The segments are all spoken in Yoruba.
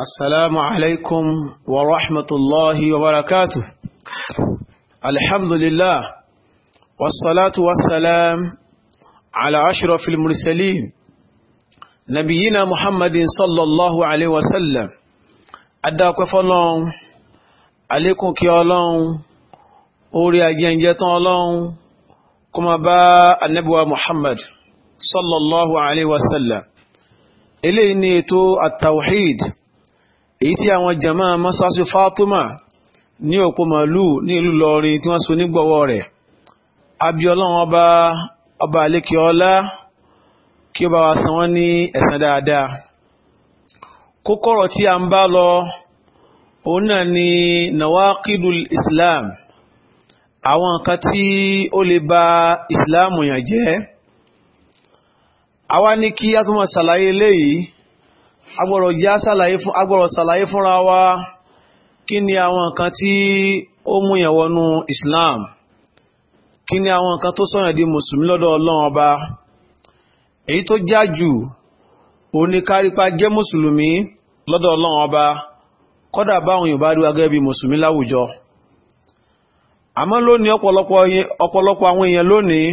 السلام عليكم ورحمة الله وبركاته الحمد لله والصلاة والسلام على أشرف المرسلين نبينا محمد صلى الله عليه وسلم أداك فلان عليكم كي الله أوري أجين جيتان الله كما با النبوة محمد صلى الله عليه وسلم إليني تو التوحيد èyí tí àwọn jama masasu fatima ní òpó màálù ní ìlú lọrin tí wọ́n so nígbọ̀wọ́ rẹ̀ abiọlọ́wọ́n ọba ọba àlékè ọlá kí ó bá wa san wọ́n ní ẹ̀san dáadáa kókọ́rọ̀ tí a ń bá lọ òun náà ni nawaqidul islam àwọn nǹkan tí ó lè ba islam yàn jẹ́ àwa ní kí a tún máa ṣàlàyé léyìí agbọ́rọ̀ jẹ́ agbọ́rọ̀ sàlàyé fúnra wa kí ni àwọn nǹkan tí ó mú yẹn Islam kí ni àwọn nǹkan tó sọ̀yàn di mùsùlùmí lọ́dọ̀ Ọlọ́run ọba èyí tó já jù òun ni kárípa jẹ́ mùsùlùmí lọ́dọ̀ Ọlọ́run ọba kọ́dà báwọn Yorùbá rí wagẹ́ bí mùsùlùmí láwùjọ àmọ́ lónìí ọ̀pọ̀lọpọ̀ àwọn èèyàn lónìí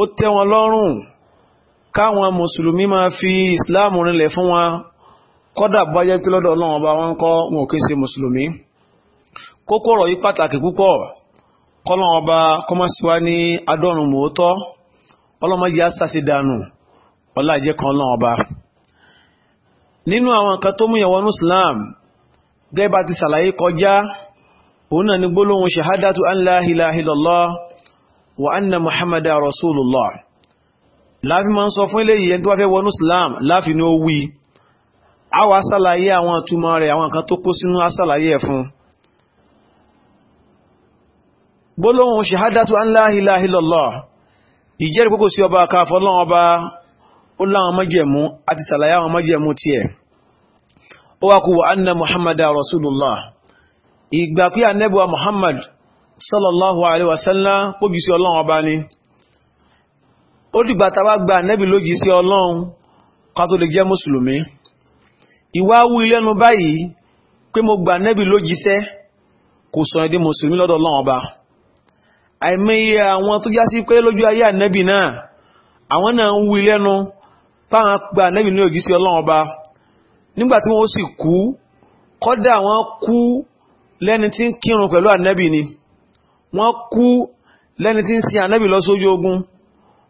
ó tẹ́ wọn lọ́rùn káwọn mùsùlùmí máa fi islam rinlẹ̀ fún wọn kọ́dà bá jẹ́ pé lọ́dọ̀ ọlọ́run ọba wọn kọ́ wọn ò kí ṣe mùsùlùmí kókó ọ̀rọ̀ yìí pàtàkì púpọ̀ kọ́lọ́run ọba kọ́mọ́síwá ní adọ́run mòótọ́ ọlọ́mọdé àṣàṣe dànù ọlá ìjẹ́ kan ọlọ́run ọba nínú àwọn nǹkan tó mú yẹn wọnú islam la ilaha illallah wa anna muhammadan rasulullah láàfin ma ń sọ fún eléyìí ẹni tó wá fẹ́ wọnú Islam láàfin ní ó wí a wá sàlàyé àwọn àtúmọ̀ rẹ̀ àwọn kan tó kó sínú ẹ̀ fún gbólóhùn an la ilaha illallah ìjẹ́rìí kókò sí ọba aka ọba ó láwọn májẹ̀mú àti sàlàyé àwọn májẹ̀mú tiẹ̀ ó wá kú muhammadu muhammad ó dìgbà tàbá gba ànẹ́bì lójì sí ọlọ́run ká tó lè jẹ́ mùsùlùmí ìwà wú ilẹ́nu báyìí pé mo gba ànẹ́bì lójì sẹ́ kò sọ èdè mùsùlùmí lọ́dọ̀ ọlọ́run ọba àìmọye àwọn tó já sí pé lójú ayé ànẹ́bì náà àwọn náà ń wú ilẹ́nu páwọn gba ànẹ́bì ní sí ọlọ́run ọba nígbà tí wọ́n sì kú kọ́dà wọ́n kú lẹ́ni tí ń kírun pẹ̀lú ànẹ́bì ni wọ́n kú lẹ́ni tí ń sin ànẹ́bì lọ sójú ogun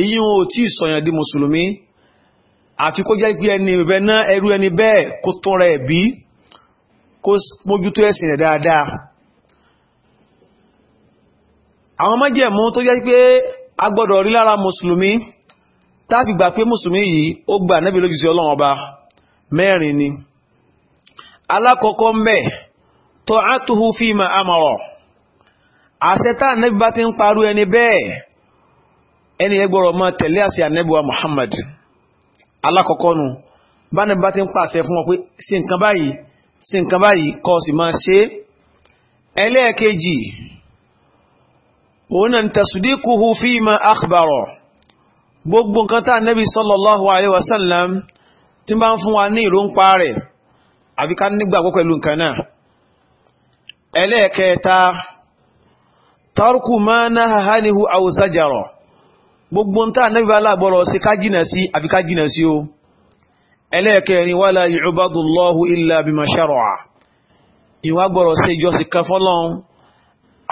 èyí ò tí sọ̀yàn di mùsùlùmí àti kó jẹ́ pé ẹni ìbẹ̀ náà ẹrú ẹni bẹ́ẹ̀ kó tún rẹ̀ bí kó mójútó ẹ̀sìn rẹ̀ dáadáa àwọn májẹ̀mú tó jẹ́ pé a rí lára mùsùlùmí táàfi gbà pé mùsùlùmí yìí ó gbà nẹ́bí lójúsí ọlọ́run mẹ́rin ni alákọ̀ọ́kọ́ ń bẹ̀ ta'atuhu fima amara àṣẹ táà nẹ́bí bá ẹni yẹn gbọ́dọ̀ máa tẹ̀lé àṣẹ ànẹ́bùwà Muhammad alákọ̀ọ́kọ́ nu báni bá ti ń pàṣẹ fún wọn pé sí nǹkan báyìí sí nǹkan báyìí kọ́ sì máa ṣe é ẹlẹ́ẹ̀kejì òun náà ní tasdiquhu fima akhbara gbogbo nǹkan tá ànẹ́bì sallallahu alayhi wa sallam ń fún wa ní ìróǹpa rẹ̀ àbí ká nígbàgbọ́ pẹ̀lú nǹkan náà ẹlẹ́ẹ̀kẹta tarku ma nahanihu aw zajara gbogbo ń tàà nẹ́bí aláàbọ̀rọ̀ sí kájínà sí àfi kájínà sí o ẹlẹ́ẹ̀kẹrin wala yu'badullahu illa bima shara'a ìwà gbọ́rọ̀ sí ìjọsìn kan fọ́lọ́n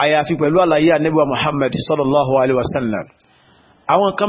àyàfi pẹ̀lú àlàyé ànẹ́bí wa Muhammad sallallahu alaihi wasallam àwọn kan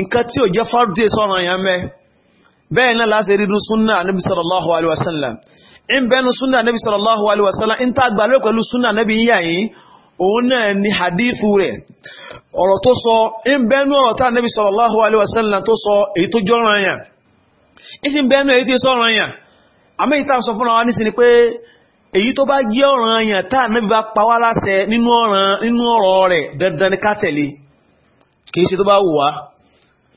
nǹkan tí ò jẹ́ fardé sọ́nà yẹn mẹ́ bẹ́ẹ̀ náà láti rí súnà níbi sallallahu alaihi wasallam in bẹ́nu súnà níbi sallallahu alaihi wasallam in ta gbà lóò pẹ̀lú súnà níbi yíyà yìí òun náà ni hadithu rẹ̀ ọ̀rọ̀ tó sọ in bẹ́nu ọ̀rọ̀ tá èyí tó bá jẹ́ ọ̀ràn yà tá níbi bá pa wá nínú ọ̀rọ̀ rẹ̀ dandan ni ká tẹ̀lé kì tó bá wù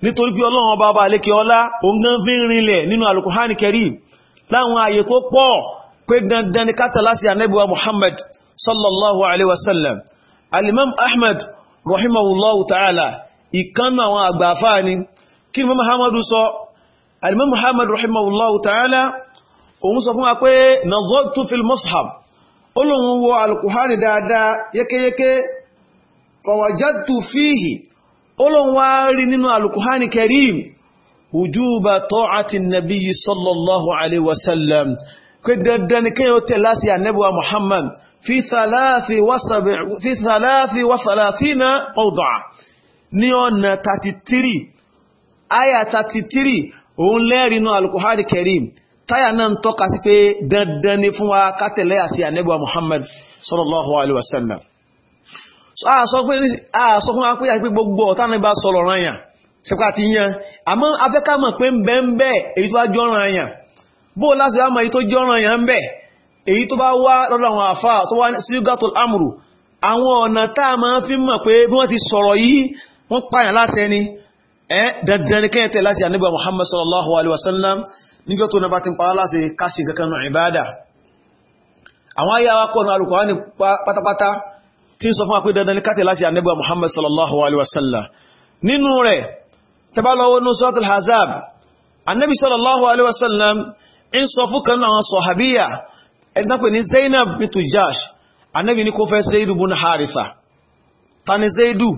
nítorí pé ọlọ́run ọba ọba lékẹ́ ọlá oǹgán fi ń rinlẹ̀ nínú Al-Qur'ani Karim láwọn ààyè tó pọ̀ pé dandan ni kátà láti anẹ́bíwa Muhammad sallallahu alaihi wasallam alimam Ahmad rahimahullahu ta'ala ìkánnu àwọn àgbàfà ni kí ni Muhammadu sọ alimam Muhammad rahimahullahu ta'ala òun sọ fún wa pé nazartu mushaf olóhun wo Al-Qur'ani dáadáa yékéyéké fawajadtu fihi Ọlọ́hun wá rí nínú alukuhani karim wujuba ta'ati nabiyyi sallallahu alaihi wasallam pé dandan kí yóò tẹ̀ láti ànẹ́bùwa muhammad fi thalathi wa thalathina ọ̀dọ̀ ní ọ̀nà 33 aya 33 òun lẹ́rìnú alukuhani karim táyà náà ń tọ́ka sí pé dandan ni fún wa kátẹ̀lẹ́yà sí ànẹ́bùwa muhammad sallallahu alaihi wasallam Ah, ah, sọ fún wa pé àti pé gbogbo ọ̀tá nígbà sọ̀rọ̀ rányà ṣẹpá ti yan àmọ́ afẹ́ká mọ̀ pé ń bẹ́ ń bẹ́ èyí tó bá jọ́ràn àyàn bó láti rámọ̀ èyí tó jọ́ràn àyàn ń bẹ̀ èyí tó bá wá lọ́dọ̀ àwọn àfá tó wá amuru àwọn ọ̀nà tá a máa fi mọ̀ pé bí wọ́n ti sọ̀rọ̀ yìí wọ́n pààyàn láti Muhammad sallallahu alaihi wasallam níjọ́ tó nàbà ti ń pààrọ̀ láti káṣí kankan nù ìbádà àwọn ayé awakọ̀ nù tí ń sọ fún àpé dandan ní kátẹ̀ láti ànẹ́gbà Muhammad sallallahu alaihi wasallam nínú rẹ̀ tẹbálọ́wọ́ ní sọ́tọ̀ al-hazab annabi sallallahu alaihi wasallam in sọ fún kan náà sọ̀habíyà ẹ̀dánpẹ̀ ní Zainab bintu Jash annabi ní kó fẹ́ Zaidu bin Haritha tani Zaidu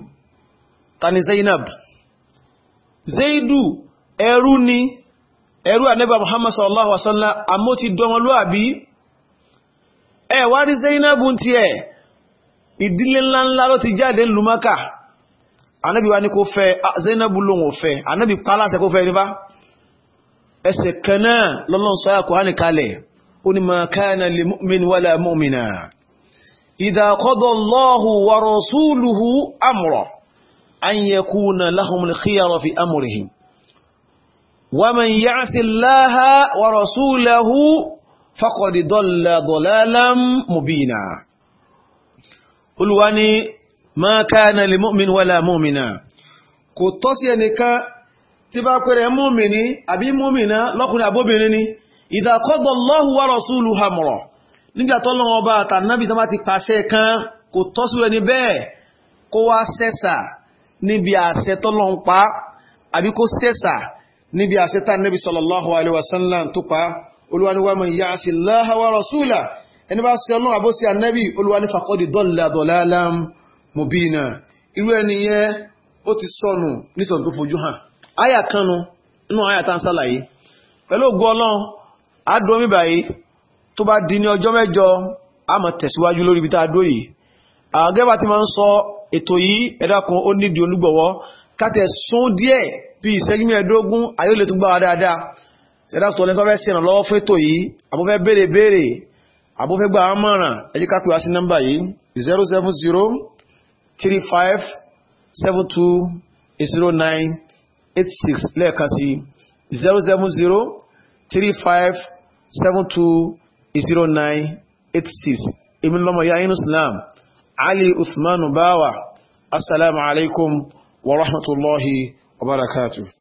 tani Zainab Zaidu ẹrú ni ẹrú ànẹ́gbà Muhammad sallallahu alaihi wasallam àmọ́ ti dọmọlúàbí ẹ̀ Zainab ti ẹ̀ ìdílé ńláńlá ló ti jáde ń lu Mákà anábì wá ní kó fẹ́ ah, Zainabu lòun ò fẹ́ anábì pálásẹ̀ kó fẹ́ nípa ẹsẹ̀ kan náà lọ́lọ́n sọ́yà Kùránì kalẹ̀ ó ní ma kana li mu'min wala mu'mina idha qada Allahu wa rasuluhu amra olúwa ní ma kana lil mu'min wala mu'mina kò tọ́ sí ẹnìkan tí bá pẹ̀rẹ̀ mu'mini àbí mu'mina lọ́kùnrin àbóbìnrin ni idha qada Allahu wa rasuluhu amra nígbà tí Ọlọ́run Ọba àtànábì tó bá ti pàṣẹ kan kò tọ́ sí ẹni bẹ́ẹ̀ kó wá sẹ́sà níbi àṣẹ tọ́lọ́run pa àbí kó ẹni bá sí ọlọ́run àbó sí anábì olúwa ní fàkọ́dì dọ́là dọ̀láàlá mubina irú ẹni yẹn ó ti sọnù nísọ̀n tó fojú hàn àyà kanu inú àyà tá ń sàlàyé pẹ̀lú ògùn ọlọ́run àádùn mi báyìí tó bá di ní ọjọ́ mẹ́jọ a máa tẹ̀síwájú lórí ibi tá a dó yìí àgẹ́bà ti máa ń sọ ètò yìí ẹ̀dá kan ó nídìí olúgbọ̀wọ́ kátẹ̀ sún díẹ̀ bí ìṣẹ́jú mẹ́ẹ̀ẹ́dógún ayé ó lè gbára dáadáa ṣẹ̀dá tó lẹ́sọ́fẹ́ sí ìrànlọ́wọ́ fún ètò yìí àbúfẹ́ béèrè béèrè àbúfẹ́gbà àmọ́ràn ẹjí ká pè wá sí nọ́mbà yìí 07035720986 lẹ́ẹ̀kan sí 07035720986 èmi lọ́mọ ya inú islam ali usmanu bawa assalamu alaikum wa rahmatullahi wa barakatuh